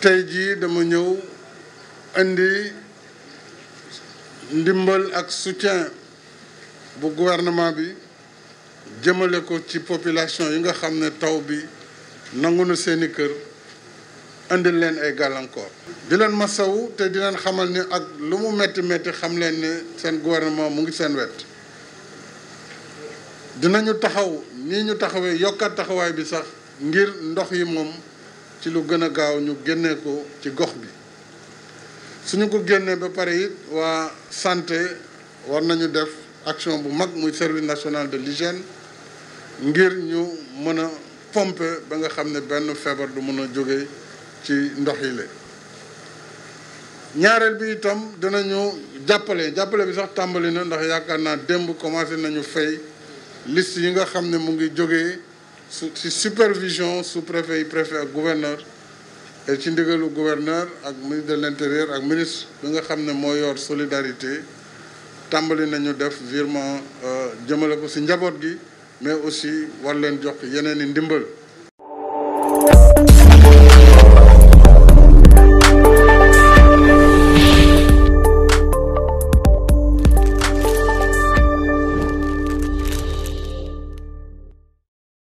tey jii dama ñëw indi ndimbal ak soutien bu gouvernement bi jëmale ko ci population yi nga xam ne taw bi nangu na seeni kër indil leen ay gàllankoor. di leen masawu te di leen xamal ni ak lu mu metti métti xam leen ne seen gouvernement mu ngi seen wet dinañu taxaw nii ñu taxawee yokkaat taxawaay bi sax ngir ndox yi moom. ci lu gën a gaaw ñu génnee ko ci gox bi suñu ko génnee ba pare it waa santé war nañu def action bu mag muy service national de l'hygiène ngir ñu mën a pomper ba nga xam ne benn feebar du mën a jóge ci ndox yi la ñaareel bi itam dinañu jàppale jàppale bi sax tàmbali na ndax yaakaar naa démb commencé nañu fay liste yi nga xam ne mu ngi jóge sous supervision sous-préfet préfet gouverneur et ci ndigalu gouverneur ak ministre de l'intérieur ak ministre bi nga xam ne moo yor solidarité tàmbali nañu def virement euh, jëmale ko ci njaboot gi mais aussi war leen jox yeneen i ndimbal